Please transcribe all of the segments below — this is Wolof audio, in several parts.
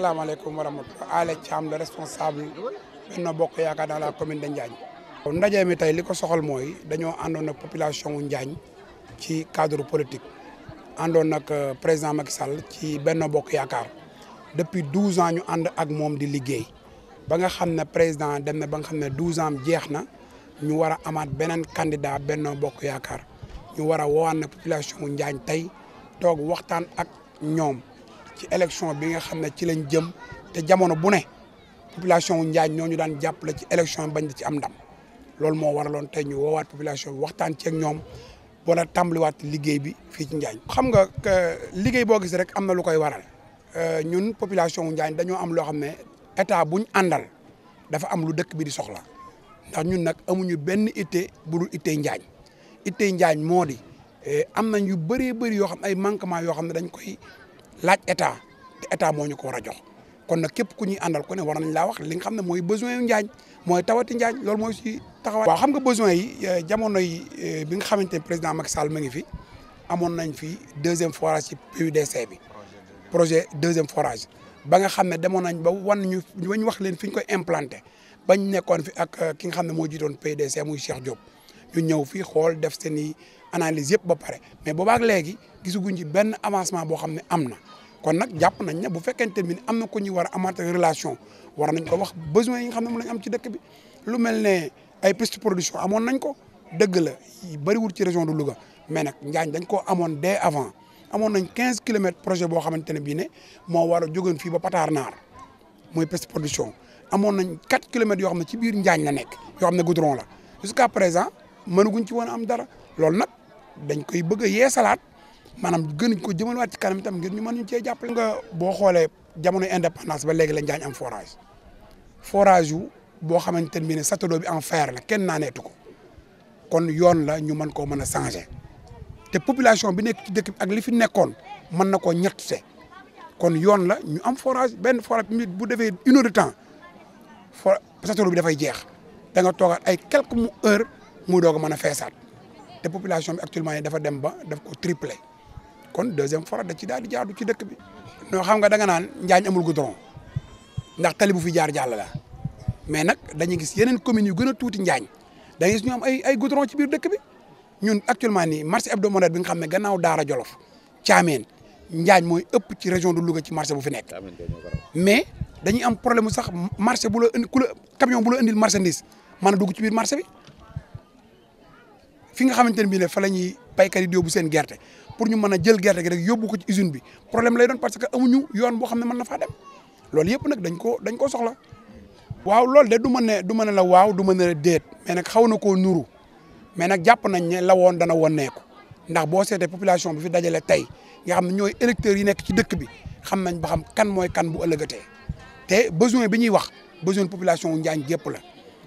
asalaamaaleykum wa rahmatulah Alé Thiam le responsable Benno Bokk Yaakaar dans la commune de Njaañ. ndaje mi tey li ko soxal mooy dañoo àndoon ak population wu Njaañ ci cadre politique àndoon ak euh, président Macky Sall ci Benno Bokk Yaakaar depuis douze ans ñu ànd ak moom di liggéey ba nga xam ne président dem na ba nga xam ne douze ans jeex na ñu war a amaat beneen kandidaa Benno Bokk Yaakaar ñu war a wowaan na population wu Njaañ tey toog waxtaan ak ñoom. ci élection bi nga xam ne ci lañ jëm te jamono bu ne population wu Njaañ ñoo ñu daan jàppale ci élection bañ di ci am ndam loolu moo waraloon tey ñu woowaat population bi waxtaan ceeg ñoom wala tàmbaliwaat liggéey bi fii ci Njaañ. xam nga liggéey boo gis rek am na lu koy waral euh, ñun population wu Njaañ dañoo am loo xam ne état buñ àndal dafa am lu dëkk bi di soxla ndax ñun nag amuñu benn itte bu dul ittee Njaañ ittee Njaañ moo di euh, am nañ yu bëree bëri yoo xam ay manquement yoo xam ne dañ koy. laaj état te état moo ñu ko war a jox kon nag képp ku ñuy àndal ku ne war nañ laa wax li nga xam ne mooy besoin yu Njaañ mooy tawati Njaañ loolu mooy si taxawaay. waaw xam nga besoin yi euh, jamono yi euh, bi nga xamante ne président Macky Sall ma ngi fi amoon nañ fi deuxième forage ci PUDC bi projet deuxième forage ba nga xam ne demoon nañ ba wan ñu bañ wax leen fi ñu koy implanté bañ nekkoon fi ak euh, ki nga xam ne moo jiitoon PUDC muy Cheikh Diop. ñu ñëw fii xool def seen analise yëpp ba pare mais boobaak léegi gisaguñ ci benn avancement boo xam ne am na kon nag jàpp nañ ne bu fekkente ni am na ku ñuy war a amaat relation war nañ ko wax besoin yi nga xam ne moom am ci dëkk bi lu mel ne ay piste production amoon nañ ko dëgg la bëriwul ci région de luga mais nag Njaañ dañ ko amoon des avant amoon nañ quinze kilomètres projet boo xamante ne bii ne moo war a fii ba patar Naar mooy piste production amoon nañ quatre kilomètres yoo xam ne ci biir Njaañ la nekk yoo xam ne goudron la mënaguñ ci woon am dara loolu nag dañ koy bëgg a yeesalaat maanaam gënuñ ko jëmalewaat ci kanam itam ngir ñu mën ñu cee jàppale. nga boo xoolee jamono indépendance ba léegi la Njaañ am forage forage wu boo xamante ne bii ne château bi en fer la ken naaneetu ko kon yoon la ñu mën koo mën a changer te population bi nekk ci dëkk ak li fi nekkoon mën na koo se kon yoon la ñu am forage benn forage bu defee une heure de temps for château bi dafay jeex da nga toogaat ay quelques heures. muy doog a mën a feesaat te population bi actuellement yi dafa dem ba daf ko triplé kon deuxième forage da ci daal di jaadu ci dëkk bi. non xam nga da nga naan Njaañ amul goudron ndax tali bu fi jaar jàll la mais nag dañuy gis yeneen communes yu gën a tuuti Njaañ dañuy ñu am ci biir dëkk bi ñun actuellement nii marché hebdomadaire bi nga xam ne gannaaw Daara Jolof Caameen Njaañ mooy ëpp ci région de luga ci marché bu fi nekk. mais dañuy am problème mu sax marché bu la indi ku la camion bu la indil marchandise ci biir marché bi. fi nga xamante ne bii ne fa la ñuy baykat yi di yóbbu seen gerte pour ñu mën a jël gerte gi rek yóbbu ko ci usine bi problème lay doon parce que amuñu yoon boo xam ne mën na faa dem loolu yëpp nag dañ ko dañ ko soxla. waaw loolu de du ma ne du ma ne la waaw du ma ne la déet mais nag xaw na koo nuru mais nag jàpp nañ ne la woon dana woneeku ndax boo seetee population bu fi dajale tey nga xam ne ñooy électeurs yi nekk ci dëkk bi xam nañ ba xam kan mooy kan bu ëllëgatee te besoin bi ñuy wax besoin population wu Njaañ la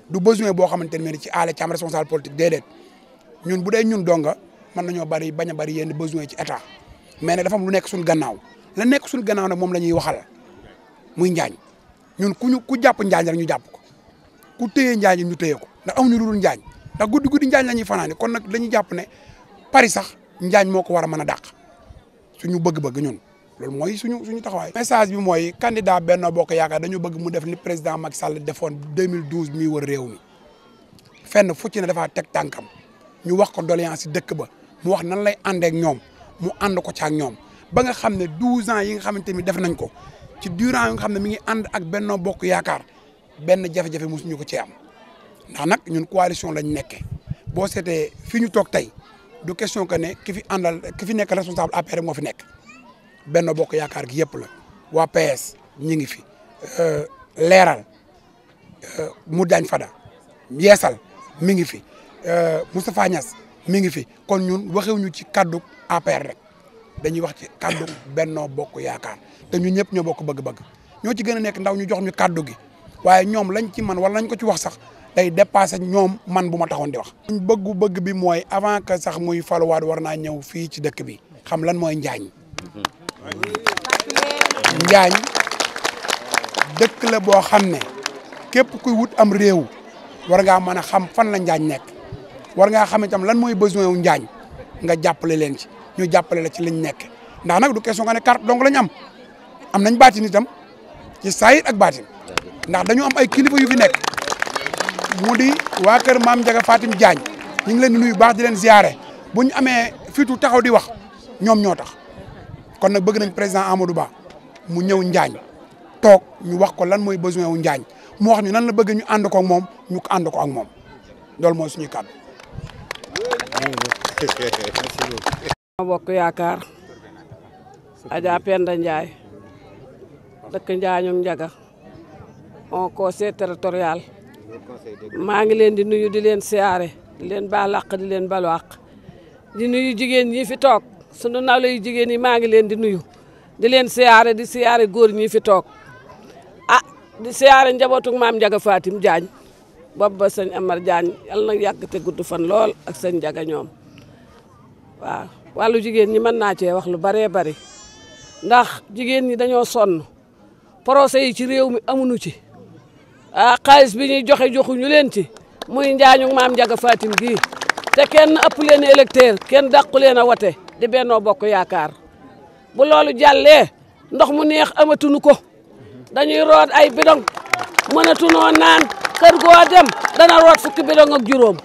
du besoin boo xamante ne ci aale ci am responsable politique ñun bu dee ñun donga mën nañoo bari bañ a bari yenn besoin ci état mais nag dafa am lu nekk suñu gannaaw la nekk suñu gannaaw nag moom la ñuy waxal muy njaañ ñun ku ñu ku jàpp njaañ rek ñu jàpp ko ku téye njaañ ñu téye ko ndax amuñu lu dul njaañ ndax guddi guddi njaañ la ñuy fanaani kon nag dañuy jàpp ne Paris sax njaañ moo ko war a mën a dàq suñu bëgg-bëgg ñun loolu mooy suñu suñu taxawaay. message bi mooy candidat Benno Bokk Yaakaar dañu bëgg mu def ni président Macky Sall defoon 2012 mi wër réew mi fenn fu ci ne dafa teg tànkam. ñu wax ko doléance yi dëkk ba mu wax nan lay àndee ak ñoom mu ànd ko ci ak ñoom ba nga xam ne 12 ans yi nga xamante ni def nañ ko ci durant yi nga xam ne mi ngi ànd ak Benno Bokk Yaakaar benn jafe-jafe mosuñu ko ci am ndax nag ñun coalition lañ nekke boo seetee fi ñu toog tey du question que ne ki fii àndal ki fi nekk responsable APR moo fi nekk Benno Bokk Yaakaar gi yëpp la waa PS ñi ngi fi euh, leeral euh, mu dañ fada yeesal mi ngi fi Euh, Moustapha Niass mi ngi fi kon ñun waxewuñu ci kaddu APR rek dañuy wax ci kaddu bennoo Bokk Yaakaar te ñun ñëpp ñoo bokk bëgg-bëgg ñoo ci gën a nekk ndaw ñu jox ñu kaddu gi waaye ñoom lañ ci man wala nañ ko ci wax sax day dépassé ñoom man bu ma taxoon di wax. ñu bëgg bi mooy avant que sax muy faluwaat war naa ñëw fii ci dëkk bi xam lan mooy njaañ njaañ dëkk la boo xam ne képp kuy wut am réew war ngaa mën a xam fan la njaañ nekk. war ngaa xam tam lan mooy besoin wu Njaañ nga jàppale leen ci ñu jàppale la ci liñ nekk ndax nag du question nga ne carte la ñu am am nañ baatin itam ci saayir ak baatin ndax dañu am ay kilifa yu fi nekk mu di waa kër maam Ndiaga Fatim Diagne ñu ngi leen di nuyu baax di leen ziare bu ñu amee fitu taxaw di wax ñoom ñoo tax kon na bëgg nañ président Amadou Ba mu ñëw Njaañ toog ñu wax ko lan mooy besoin wu Njaañ mu wax ñu nan la bëgg ñu ànd ko moom ñu ànd ko ak moom loolu mooy suñuy kàddu. ma bokk yaakaar Adja Penda Ndiaye dëkk Njaañu Njaga on conseil territorial maa ngi leen di nuyu di leen siyaare di leen baal àq di leen balu àq di nuyu jigéen ñi fi toog sunu nawle yu jigéen yi maa ngi leen di nuyu di leen siyaare di siyaare góor ñi fi toog ah di siyaare njabootu maam Njaga Fatim Jaañ boobu ba sëñ Amar Diagne yal na yàgg te gudd fan lool ak sëñ Njaga ñoom waaw wàllu jigéen ñi mën naa cee wax lu baree bari ndax jigéen ñi dañoo sonn procès yi ci réew mi amuñu ci a ah, xaalis bi ñuy joxe joxuñu leen ci mu njaañu maam jaga Fatim gi te kenn ëpp leen électeur kenn dàqu leen a wote di bennoo bokk yaakaar bu loolu jàllee ndox mu neex amatuñu ko dañuy root ay bidong mënatunoo naan kër goo dem dana root fukki bidong ak juróom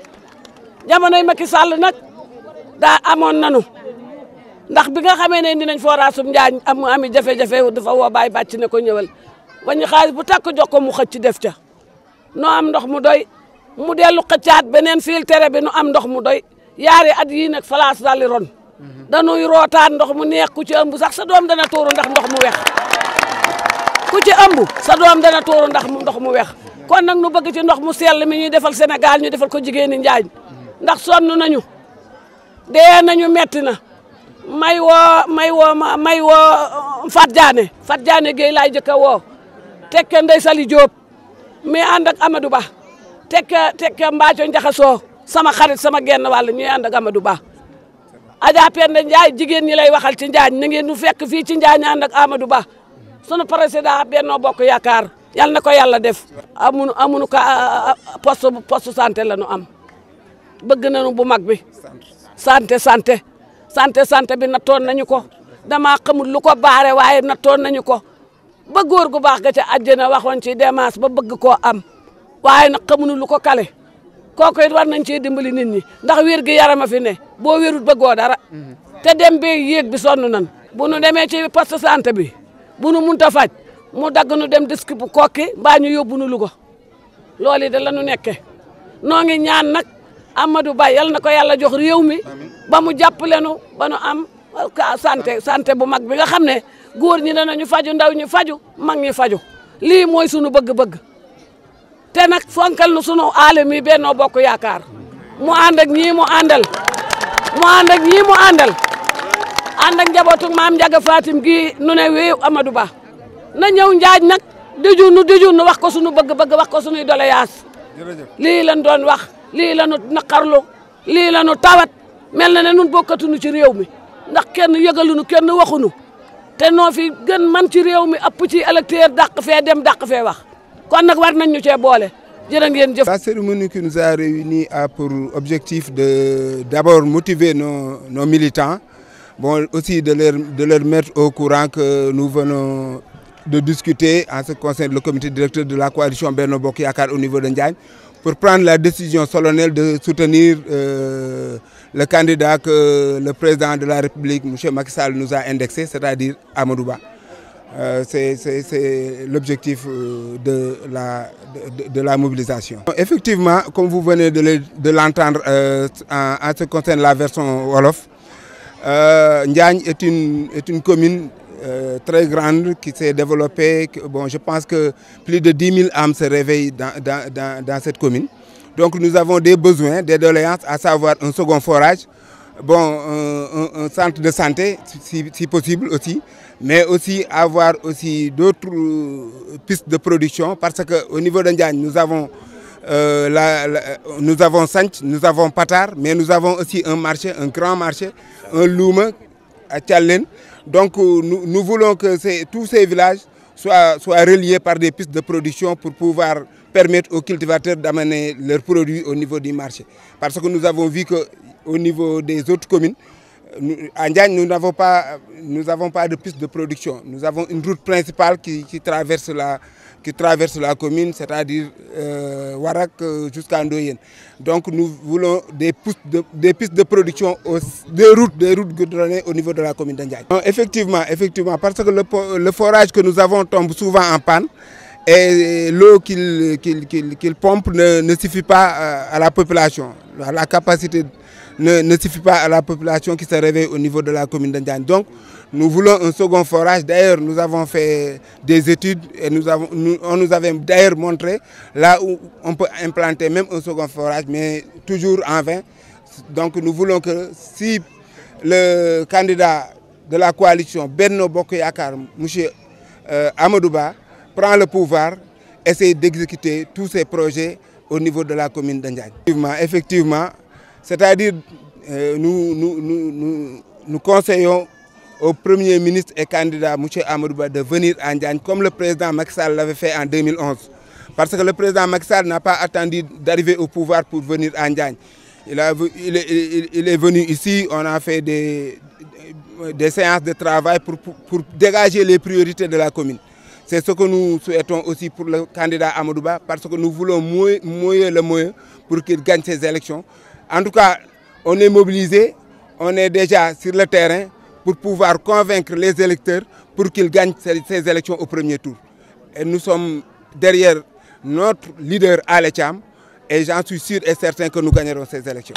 jamonoy Macky Sall nag daa amoon nanu ndax bi nga xamee ne indi nañ forage am Njaañ am ami jafe-jafe dafa woo Baye bàcc ne ko ñëwal wañu xaalis bu takk jox ko mu xëcc def ca nu am ndox mu doy mu dellu xëccaat beneen filtre bi nu am ndox mu doy yaare at yii nag falaas dali ron dañuy rootaat ndox mu neex ku ci ëmb sax sa doom dana tuuru ndax ndox mu wex ku ci ëmb sa doom dana tuuru ndax ndox mu wex kon nag nu bëgg ci ndox mu sell mi ñuy defal Sénégal ñu defal ko jigéen ñi Njaañ ndax sonn nañu dee nañu metti na may woo may woo may woo uh, Fat Diané Fat Diané Guèye laay jëkk a woo tekke Ndey Sali Diop mi ànd ak Amadou Ba tekke tekke Mbaaco Njaxasoo sama xarit sama genn wàll ñuy ànd ak Amadou Ba Adja Penda Ndiaye jigéen ñi lay waxal ci Njaañ na ngeen nu fekk fii ci Njaañ ànd ak Amadou Ba sunu président Benno Bokk Yaakaar yal na ko yàlla def amunu amunu ko poste poste sante la nu am bëgg nañu bu mag bi santé santé santé santé bi nattoon nañu ko damaa xamul lu ko baare waaye nattoon nañu ko ba góor gu baax ga ca àjjana waxoon ci démence ba bëgg koo am waaye nag xamuñu lu ko kale kooku it war nañ cee dimbali nit ñi ndax wér gi yarama fi ne boo wérut bëggoo dara mm-hmm. te dem bee yéeg bi sonn nan bu nu demee ci poste santé bi bu nu munta faj mu dagg nu dem disque bu kokki mbaa ñu yóbbu nu Louga loolu yi da la nu nekkee noo ngi ñaan nag Amadou Ba yal na ko yàlla jox réew mi ba mu jàppale nu ba nu am santé santé bu mag bi nga xam ne góor ñi danañu faju ndaw ñi faju mag ñi faju lii mooy sunu bëgg-bëgg te nag fonkal nu sunu aale mi Benno Bokk Yaakaar mu ànd ak ñii mu àndal mu ànd ñii mu àndal ànd ak njabootu maam Ndiaga Fatim gii nu ne wéew Amadou Ba na ñëw njaaj nag dijunu dijunu wax ko suñu bëgg-bëgg wax ko suñuy doléance lii lañ doon wax lii lañu naqarlu lii lañu tawat mel na ne nun bokkatuñu ci réew mi ndax kenn yëgaluñu kenn waxuñu te noo fi gën man ci réew mi ëpp ci électeur dàq fee dem dàq fee wax kon nag war nañ ñu cee boole jërë ngeen jëf. La cérémonie qui nous a réunis a pour objectif de d'abord motiver nos nos militants bon aussi de leur de leur au courant que nous venons de discuter en ce qui concerne le comité directeur de la coalition Benno Bokk Yaakaar au niveau de Ndiagne pour prendre la décision solennelle de soutenir euh, le candidat que le président de la République, M. Macky Sall, nous a indexé, c'est-à-dire Amadou Ba. Euh, c'est l'objectif euh, de la, de, de, la mobilisation. Effectivement, comme vous venez de l'entendre euh, en, en, ce qui concerne la version Wolof, euh, Ndiagne est une commune euh, très grande qui s'est développée. Bon, je pense que plus de 10 mille âmes se réveillent dans, dans, dans, dans cette commune. Donc nous avons des besoins, des doléances, à savoir un second forage, bon, un, un, centre de santé si, si, possible aussi, mais aussi avoir aussi d'autres euh, pistes de production parce que au niveau d'Indiagne, nous avons... Euh, la, la, nous avons Sanch, nous avons Patar, mais nous avons aussi un marché, un grand marché, un Louma à Tchalen, Donc euh, nous, nous voulons que ces, tous ces villages soient, soient, reliés par des pistes de production pour pouvoir permettre aux cultivateurs d'amener leurs produits au niveau du marché. Parce que nous avons vu au niveau des autres communes, nous, à Ndiagne, nous n'avons pas, nous avons pas de piste de production. Nous avons une route principale qui, traverse la, qui traverse commune, c'est-à-dire euh, Warak euh, jusqu'à Ndoyen. Donc nous voulons des pistes de, des pistes de production, aux, des routes, des routes au niveau de la commune d'Andiagne. Effectivement, effectivement, parce que le, le, forage que nous avons tombe souvent en panne et l'eau qu'il qu qu pompe ne, suffit pas euh, à la population, à la capacité ne, ne suffit pas à la population qui se réveille au niveau de la commune de Ndiagne. Donc, nous voulons un second forage. D'ailleurs, nous avons fait des études et nous avons, nous, on nous d'ailleurs montré là où on peut implanter même un second forage, mais toujours en vain. Donc, nous voulons que si le candidat de la coalition Benno Bokoyakar, M. Euh, Amadouba, prend le pouvoir, essayer d'exécuter tous ces projets au niveau de la commune de Effectivement, effectivement C'est-à-dire, euh, nous, nous, nous, nous, conseillons au Premier ministre et candidat M. Amadouba de venir à Ndiagne comme le président Macky Sall l'avait fait en 2011. Parce que le président Macky Sall n'a pas attendu d'arriver au pouvoir pour venir à Ndiagne. Il, a, il, il, il, est venu ici, on a fait des, des séances de travail pour, pour, pour dégager les priorités de la commune. C'est ce que nous souhaitons aussi pour le candidat Amadouba, parce que nous voulons mouiller, mouiller le moyen pour qu'il gagne En tout cas, on est mobilisé, on est déjà sur le terrain pour pouvoir convaincre les électeurs pour qu'ils gagnent ces élections au premier tour. Et nous sommes derrière notre leader Aletiam et j'en suis sûr et certain que nous gagnerons ces élections.